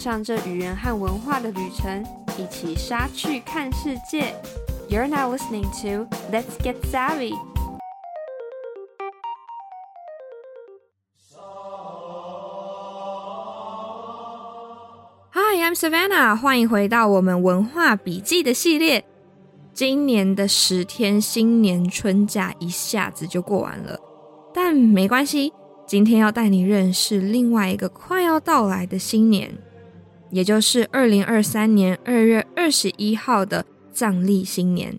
上這語言和文化的旅程，一起莎去看世界。You're now listening to Let's Get Savvy. Hi, I'm Savannah，歡迎回到我們文化筆記的系列。今年的十天新年春假一下子就過完了，但沒關係，今天要帶你認識另外一個快要到來的新年。也就是二零二三年二月二十一號的藏曆新年。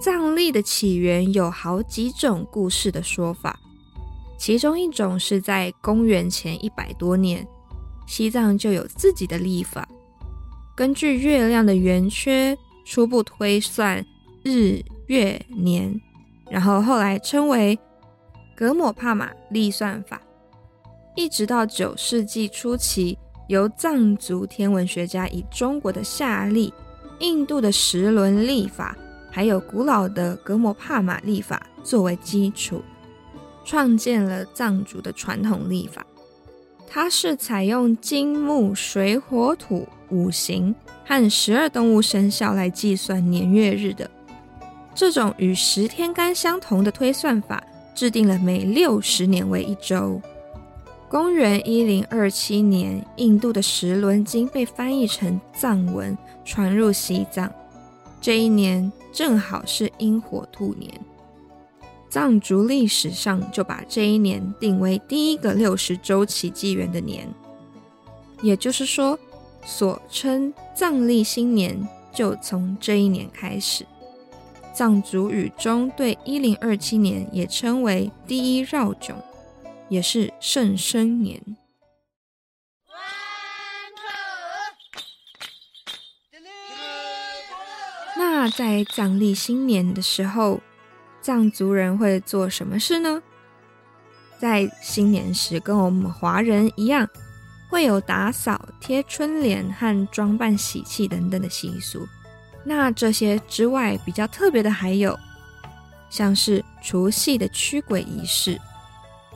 藏曆的起源有好幾種故事的說法，其中一種是在公元前一百多年，西藏就有自己的曆法，根據月亮的圓缺，初步推算日月年，然後後來稱為格姆帕瑪歷算法。一直到九世紀初期，由藏族天文學家以中國的夏曆、印度的時輪曆法，還有古老的格摩帕瑪曆法作為基礎，創建了藏族的傳統曆法。它是採用金木水火土五行和十二動物生肖來計算年月日的。這種與十天干相同的推算法，制定了每六十年為一周。公元一零二七年，印度的《時輪經》被翻譯成藏文，傳入西藏。這一年正好是陰火兔年，藏族歷史上就把這一年定為第一個六十周期紀元的年，也就是說，所稱藏曆新年就從這一年開始。藏族語中對一零二七年也稱為第一繞迥。也是盛生年。One, two. Three, two, three. 那在藏曆新年的時候，藏族人會做什麼事呢？在新年時，跟我們華人一樣，會有打掃、貼春聯和裝扮喜氣等等的習俗。那這些之外，比較特別的還有，像是除夕的驅鬼儀式。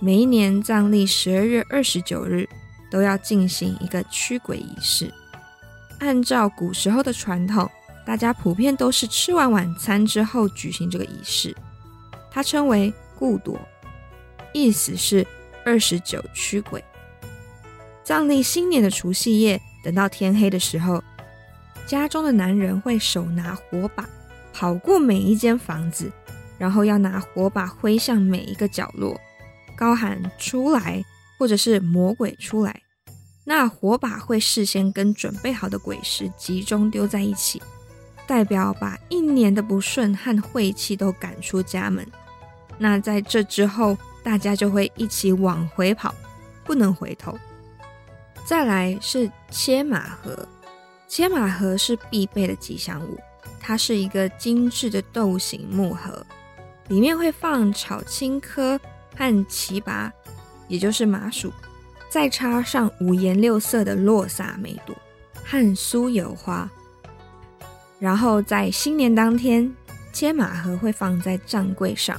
每一年藏曆十二月二十九日都要進行一個驅鬼儀式。按照古時候的傳統，大家普遍都是吃完晚餐之後舉行這個儀式，它稱為“固奪”，意思是二十九驅鬼。藏曆新年的除夕夜，等到天黑的時候，家中的男人會手拿火把，跑過每一間房子，然後要拿火把揮向每一個角落。高喊出來，或者是魔鬼出來，那火把會事先跟準備好的鬼石集中丟在一起，代表把一年的不順和晦氣都趕出家門。那在這之後，大家就會一起往回跑，不能回頭。再來是切馬盒，切馬盒是必備的吉祥物，它是一個精緻的豆形木盒，裡面會放炒青稞。和奇葩，也就是麻薯，再插上五顏六色的洛薩梅朵和酥油花，然後在新年當天，切馬盒會放在站櫃上。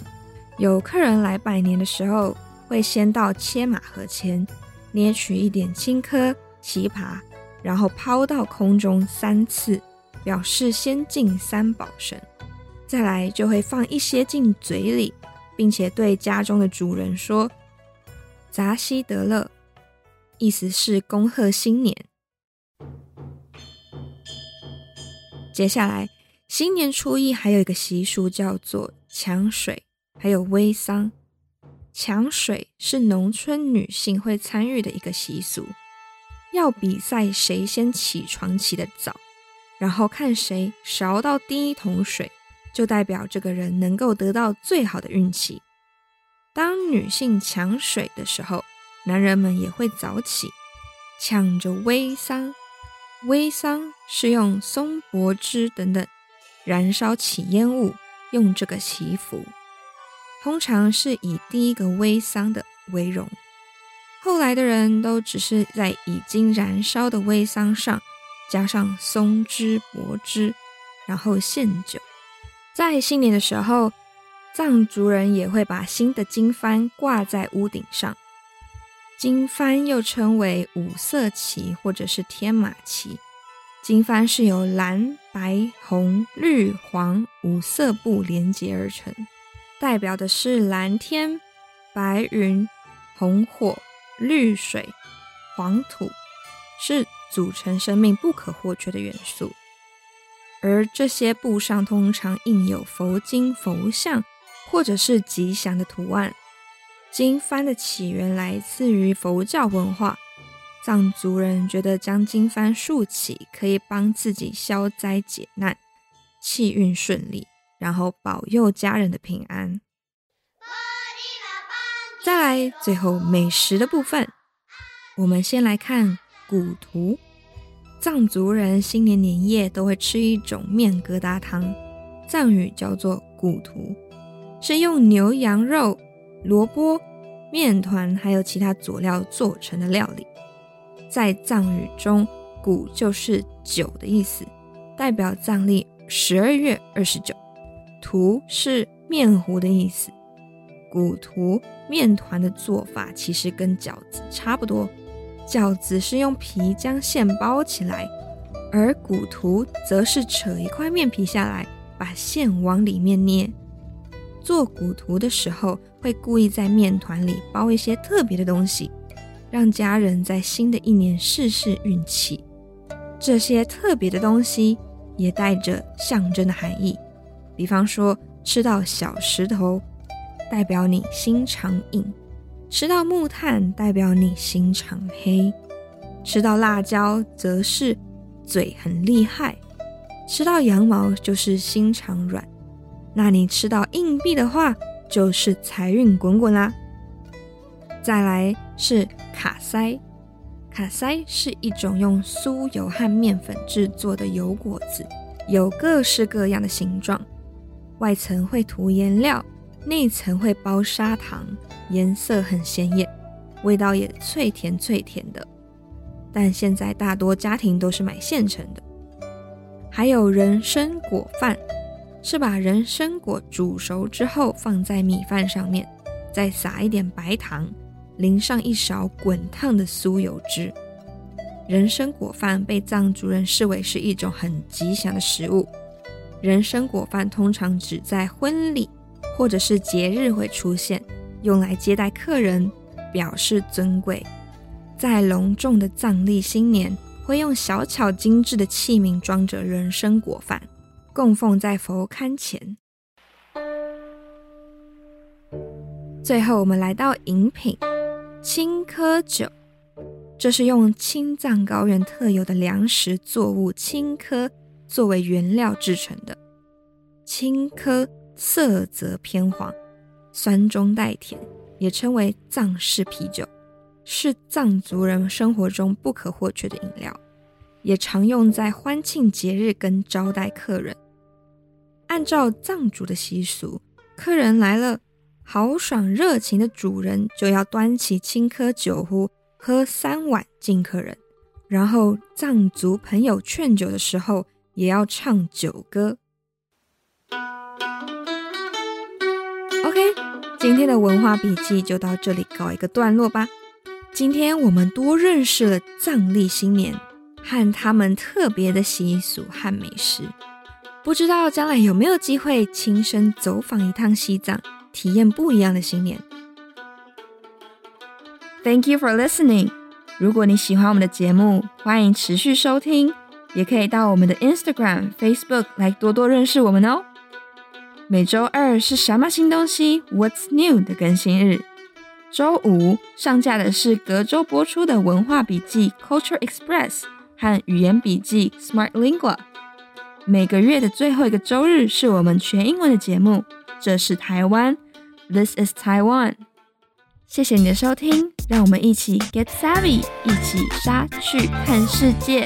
有客人來拜年的時候，會先到切馬盒前，捏取一點青稞、奇葩，然後拋到空中三次，表示先敬三寶神。再來就會放一些進嘴裡。並且對家中的主人說“扎西德勒”，意思是恭賀新年。接下來，新年初一還有一個習俗叫做搶水，還有煨桑。搶水是農村女性會參與的一個習俗，要比賽誰先起床起得早，然後看誰勺到第一桶水，就代表這個人能夠得到最好的運氣。當女性搶水的時候，男人們也會早起搶着煨桑。煨桑是用松柏枝等等燃燒起煙霧，用這個祈福。通常是以第一個煨桑的為榮，後來的人都只是在已經燃燒的煨桑上加上松枝柏枝，然後獻酒。在新年的時候，藏族人也會把新的經幡掛在屋頂上。經幡又稱為五色旗或者是天馬旗。經幡是由藍、白、紅、綠、黃五色布連接而成，代表的是藍天、白雲、紅火、綠水、黃土，是組成生命不可或缺的元素。而這些布上通常印有佛經、佛像，或者是吉祥的圖案。經幡的起源來自於佛教文化，藏族人覺得將經幡豎起可以幫自己消災解難，氣運順利，然後保佑家人的平安。再來，最後美食的部分，我們先來看古圖。藏族人新年年夜都會吃一種麵疙瘩湯，藏語叫做“古圖”，是用牛羊肉、蘿蔔、麵團還有其他佐料做成的料理。在藏語中，“古”就是九的意思，代表藏曆十二月二十九；“圖”是麵糊的意思。古圖麵團的做法其實跟餃子差不多。餃子是用皮將餡包起來，而古突則是扯一塊麵皮下來，把餡往裡面捏。做古突的時候，會故意在麵團裡包一些特別的東西，讓家人在新的一年試試運氣。這些特別的東西也帶着象徵的含義，比方說吃到小石頭，代表你心腸硬。吃到木炭代表你心腸黑，吃到辣椒則是嘴很厲害，吃到羊毛就是心腸軟。那你吃到硬幣的話，就是財運滾滾啦。再來是卡塞，卡塞是一種用酥油和麵粉制作的油果子，有各式各樣的形狀，外層會塗顏料。內層會包砂糖，顏色很鮮豔，味道也脆甜脆甜的。但現在大多家庭都是買現成的。還有人參果飯，是把人參果煮熟之後放在米飯上面，再撒一點白糖，淋上一勺滾燙的酥油汁。人參果飯被藏族人視為是一種很吉祥的食物。人參果飯通常只在婚禮，或者是節日會出現，用來接待客人，表示尊貴。在隆重的藏曆新年，會用小巧精緻的器皿裝着人參果飯，供奉在佛龕前。最後，我們來到飲品，青稞酒。這是用青藏高原特有的糧食作物青稞作為原料制成的青稞。色澤偏黃，酸中帶甜，也稱為藏式啤酒，是藏族人生活中不可或缺的飲料，也常用在歡慶節日跟招待客人。按照藏族的習俗，客人來了，豪爽熱情的主人就要端起青稞酒壺喝三碗敬客人，然後藏族朋友勸酒的時候也要唱酒歌。OK，今天的文化筆記就到這裡，告一個段落吧。今天我們多認識了藏曆新年和他們特別的習俗和美食，不知道將來有沒有機會親身走訪一趟西藏，體驗不一樣的新年。Thank you for listening。如果你喜歡我們的節目，歡迎持續收聽，也可以到我們的 Instagram、Facebook 來多多認識我們哦。每週二是什麼新東西？What's new 的更新日。週五上架的是隔週播出的文化筆記 Culture Express 和語言筆記 Smart Lingua。每個月的最後一個週日是我們全英文的節目，這是台灣，This is Taiwan。謝謝你的收聽，讓我們一起 get savvy，一起莎去看世界。